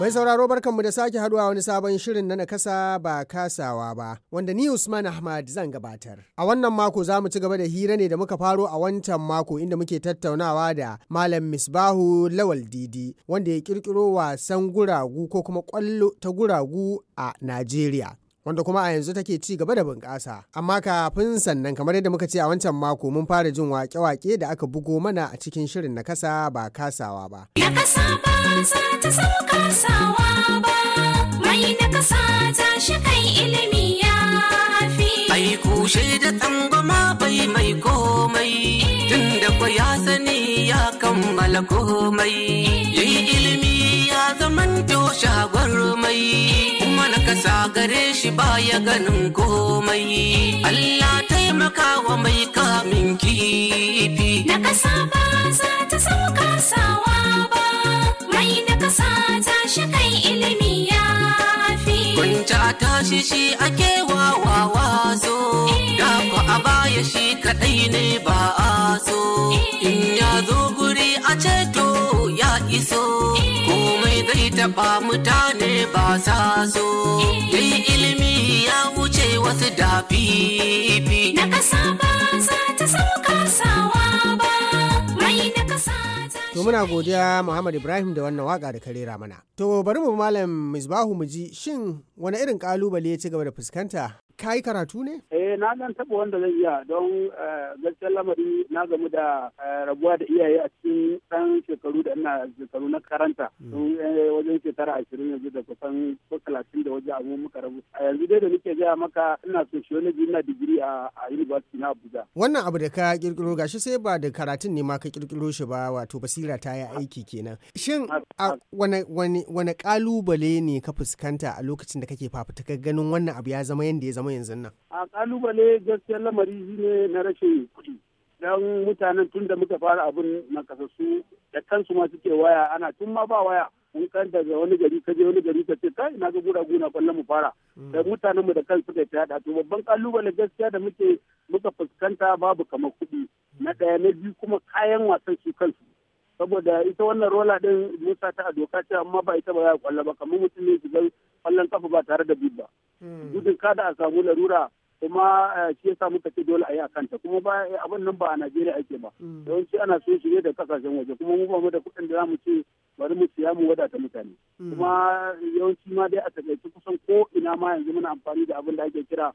Mai sauraro barkanmu da sake haduwa wani sabon shirin na nakasa ba kasawa ba wanda ni Usman Ahmad zan gabatar. A wannan mako za mu ci gaba da hira ne da muka faro a wancan mako inda muke tattaunawa da Malam Misbahu Lawal Didi wanda ya kirkiro wasan guragu ko kuma kwallo ta guragu a Najeriya. wanda kuma a yanzu take ci gaba da bunƙasa amma kafin sannan kamar yadda muka ce a wancan mako mun fara jin wake-wake da aka bugo mana a cikin shirin na kasa ba kasawa ba. ilimi ya da tsangwama komai, eh. tunda ya sani ya kammala komai. Eh. shagwar mai kuma na kasa gare shi baya ganin komai Allah taimaka wa mai kamin kifi na kasa ba za ta sauka sawa ba mai na kasa ta shi kai ilimi ya fi kunta ta shi shi ake wawa wazo eh. da ku a baya shi kadai ne ba a so eh. in ya zo guri a ce Ba mutane ba sa so yi ilimi ya wuce wasu da fifi na kasa ba za ta sauka sawa ba mai na kasa To muna godiya Muhammad Ibrahim da wannan waka da karera mana. To bari mu malam Misbahu mu ji shin wani irin kalubale ya ci gaba da fuskanta ka yi karatu ne? Eh na dan taɓa wanda zan iya don eh, gaskiyar lamari na gamu da eh, rabuwa da iyaye a cikin ɗan shekaru da ina shekaru na karanta. Mm. Don eh, wajen shekara ashirin yanzu da kusan ko talatin da waje abu muka rabu. A yanzu dai da nake gaya maka ina sociology ina digiri a University na Abuja. Wannan abu da ka kirkiro gashi sai ba da karatun ne ma ka kirkiro shi ba wato basira ta yi aiki kenan. Shin ah, ah. wani ƙalubale ne ka fuskanta a lokacin da kake fafutuka ganin wannan abu ya zama yadda ya zama samu yanzu nan? A kalubale gaskiyar lamari shi ne na rashin kuɗi. Don mutanen tun da muka fara abin nakasassu da kansu ma suke waya ana tun ma ba waya. mun kan daga wani gari ka je wani gari ka ce kai na ga gura guna kwallon mu fara hmm. da mutanen mu da kansu suka ta fiyaɗa. to babban kalubale gaskiya da muke muka fuskanta babu kamar kuɗi na ɗaya na biyu kuma kayan wasan su kansu saboda ita wannan rola din musa ta a doka ce amma ba ita ba ya kwallo ba kamar mutum ne shiga kwallon kafa ba tare da bid ba Mm. gudun kada a samu larura kuma eh, shi ya samu kace dole a yi a kanta kuma ba eh, abin nan ba a Najeriya ake ba mm. yawanci ana so shi ne da kasashen waje kuma mu ba mu da kuɗin da za mu ce bari mu siya mu wadata mutane mm. kuma eh, yawanci ma dai a takaice kusan ko ina ma yanzu muna amfani da abin da ake kira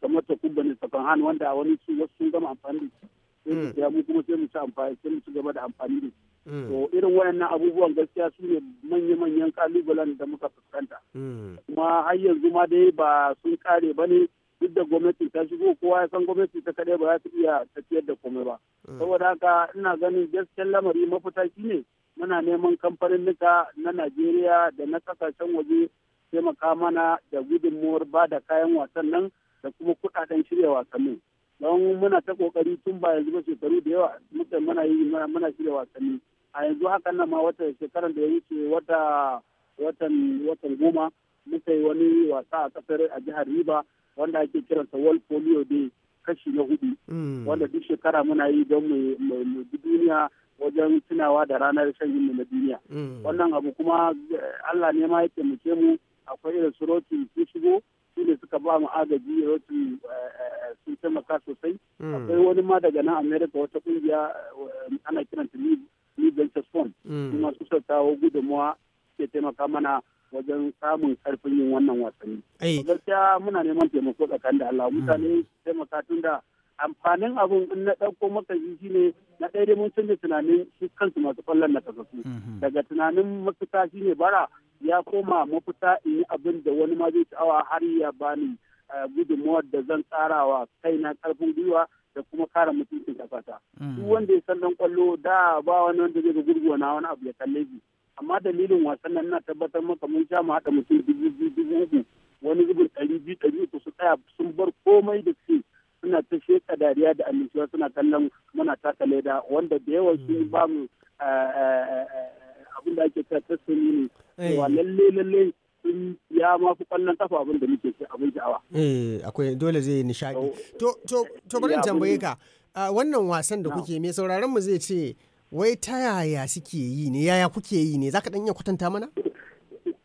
kamar takubba ne sakan hannu wanda wani su wasu sun gama amfani da sai mm. mu kuma sai mu ci amfani sai mu ci gaba da amfani da mm. to irin wayannan abubuwan gaskiya su ne manya-manyan kalubalen da muka fuskanta mm. kuma har yanzu ma dai ba sun kare ba ne duk da gwamnati ta shigo kowa ya san gwamnati ta kaɗai ba za ta iya tafiyar da komai ba saboda haka ina ganin gaskiyar lamari mafita shine muna neman kamfaninnika na najeriya da na kasashen waje taimaka mana da gudunmuwar ba da kayan wasan nan da kuma kuɗaɗen shirya wasannin don muna ta kokari tun ba yanzu ba shekaru da yawa muka muna yi mana shirya wasanni a yanzu hakan nan ma wata shekaran da ya wuce wata watan watan goma muka yi wani wasa a kasar a jihar riba wanda ake kiransa world polio day kashi na hudu mm. wanda duk shekara muna yi don mu duniya wajen tunawa da ranar shan yin na duniya mm. wannan abu kuma eh, allah ne ma ya mu akwai irin su rotin su shigo su ne suka ba mu agaji rotin eh, eh, sun taimaka sosai hmm. akwai wani ma daga nan america wata kungiya eh, ana ta new ventures fund hmm. su masu sautawa gudunmawa ke taimaka mana wajen samun karfin yin wannan wasanni gaskiya muna neman taimako tsakanin da allah hmm. mutane taimaka tun da amfanin abun in na ɗauko maka shi ne na ɗaya mun canza tunanin su kansu masu kwallon na kasasu daga tunanin mafita shi ne bara ya koma mafita in yi abin da wani ma zai sha'awa har ya bani Eh, gudunmawar da zan tsara wa kaina karfin gwiwa da kuma kare mutuncin kafata. Mm. Duk wanda ya san dan kwallo da ba wani wanda zai ga gurguwa na wani abu ya kalle shi. Amma dalilin wasan nan na tabbatar maka mun sha mu haɗa mutum dubu biyu dubu uku wani zubin ɗari biyu ɗari uku su tsaya sun bar komai da ke. suna ta sheƙa dariya da annishuwa suna kallon muna taka leda wanda da yawan sun mm. ba mu eh, eh, abin da ake ta tasiri ne. Wa lalle lalle sun ya ma fi kwallon kafa abin da muke abin sha'awa. Eh akwai dole zai nishaɗi. To to to bari tambaye ka wannan wasan da kuke mai sauraron mu zai ce wai ta yaya suke yi ne yaya kuke yi ne zaka dan iya kwatanta mana?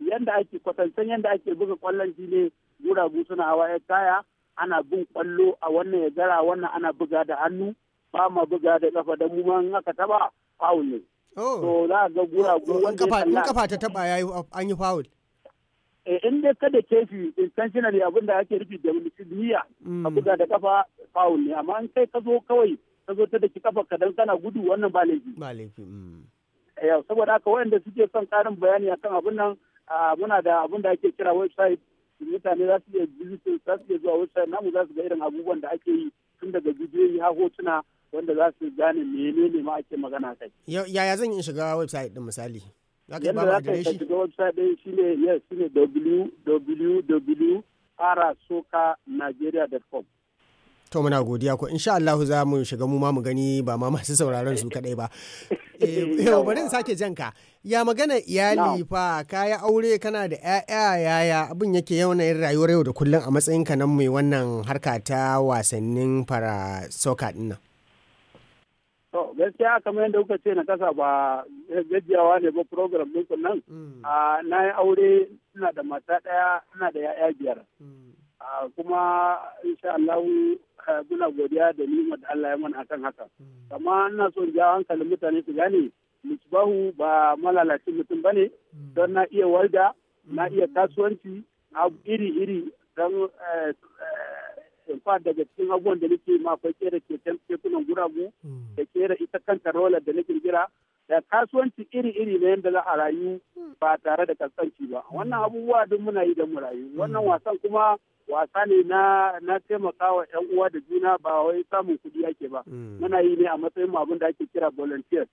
Yanda ake kwatantan yanda ake buga kwallon shi ne guragu suna hawa ya kaya ana bin kwallo a wannan ya gara wannan ana buga da hannu ba ma buga da kafa da mu ma in aka taba foul ne. Oh. So za ga guragu wanda ya kalla. Kafa ta taba yayi an yi foul. Eh, in dai kada kefi intentionally abin da ake rufi da niyya a mm. buga da kafa foul ne amma an kai ka zo kawai ka zo ta daki kafa ka kana gudu wannan ba laifi ba laifi mm. eh, yau saboda haka wanda suke son karin bayani akan abin nan muna da abin da ake kira website mutane za su iya za su iya zuwa website namu za su ga irin abubuwan da ake yi tun daga bidiyoyi har hotuna wanda za su gane menene ma ake magana kai yaya zan yi shiga website din misali yadda za ka shiga website ɗin shi ne yes shi ne www.arasokanigeria.com to muna godiya ko insha Allah za mu shiga mu ma mu gani ba ma masu sauraron su kadai ba eh, yau bari in sake janka ya magana iyali fa kaya aure kana da yaya yaya abin yake yau na rayuwar yau da kullum a matsayin ka nan mai wannan harka ta wasannin fara soka dinnan To gaskiya kamar yadda kuka ce na kasa ba gajiyawa ne ba program ku nan. Mm. Na yi aure ina da mata ɗaya ina da ya'ya biyar. Mm. Kuma insha Allah muna godiya da ni da Allah ya mana akan haka. Mm. Amma ina son jawo hankalin mutane su gane Misbahu ba malalaci mutum ba ne don na iya walda na iya kasuwanci na iri-iri don eh, eh, fa daga cikin abubuwan da nake ma akwai kera keken kekunan guragu hmm. da kera ita kanta rolar da na girgira da kasuwanci iri-iri na yadda za a rayu hmm. ba tare da kasanci ba hmm. wannan abubuwa duk muna yi da mu rayu wannan wasan kuma wasa ne na na taimaka yan uwa da juna ba wai samun kuɗi ake ba muna yi ne a matsayin abin da ake kira volunteer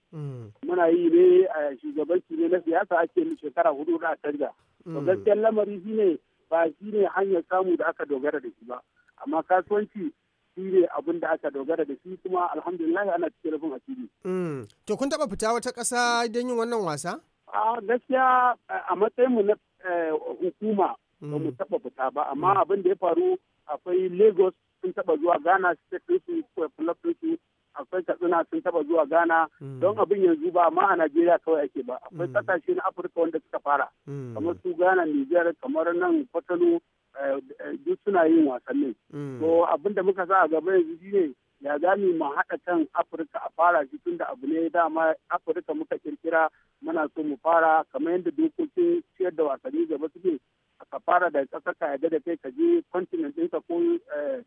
muna yi ne a shugabanci ne na siyasa ake ni shekara hudu da a canja to gaskiyar lamari shine ba shine hanyar samu da aka dogara da shi ba amma kasuwanci shi ne abin da aka dogara da shi kuma alhamdulillah ana cikin rufin asiri. Mm. to kun taɓa fita wata ƙasa don yin wannan wasa? a gaskiya a matsayin mu na eh, hukuma ba mu mm. taɓa fita ba amma mm. abin da ya faru akwai lagos sun taɓa zuwa ghana state police akwai katsina sun taba zuwa ghana don abin yanzu ba ma a najeriya kawai ake ba akwai kasashe na afirka wanda suka fara kamar su ghana niger kamar nan fatalu. Eh, eh, duk suna yin wasannin. To mm. abin da muka sa a gaba yanzu ne ya gami mu haɗa kan Afirka a fara shi tun da abu ne dama Afirka muka kirkira muna so mu fara kamar yadda dokokin ciyar da wasanni gaba suke ka fara da ƙasar ka yadda da kai ka je continent ɗinka ko eh,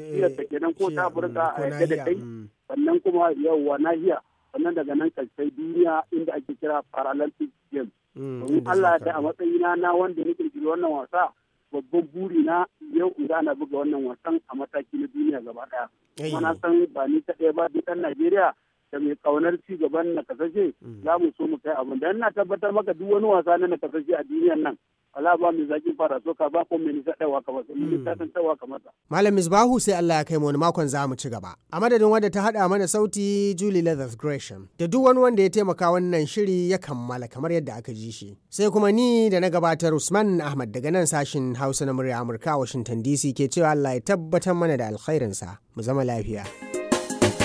ciyar da kenan ko ta Afirka a mm, yadda da kai mm. sannan kuma yawwa nahiya sannan daga nan ka kai duniya inda ake kira Paralympic Games. Allah Allah da a matsayina na wanda ya kirkiri wannan wasa babban buri na yau in ana buga wannan wasan a mataki na duniya gaba daya. Mana san ba ni ta ɗaya ba duk ɗan Najeriya da mai kaunar ci gaban nakasashe mm. za mu so mu kai abin da ina tabbatar maka duk wani wasa na nakasashe a duniyar nan Allah ba mai zaki fara so ka ba ko mai nisa ka mai mm. ka mata. Malam Misbahu sai Allah ya kai mu wani makon za mu ci gaba. A madadin wanda ta haɗa mana sauti Julie Leathers Gresham da duk wani wanda ya taimaka wannan shiri ya kammala kamar yadda aka ji shi. Sai kuma ni da na gabatar Usman Ahmad daga nan sashin Hausa na murya Amurka Washington DC ke cewa Allah ya tabbatar mana da alkhairinsa mu zama lafiya.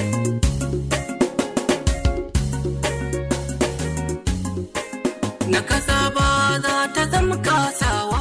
thank you na kasa ba za ta zama kasawa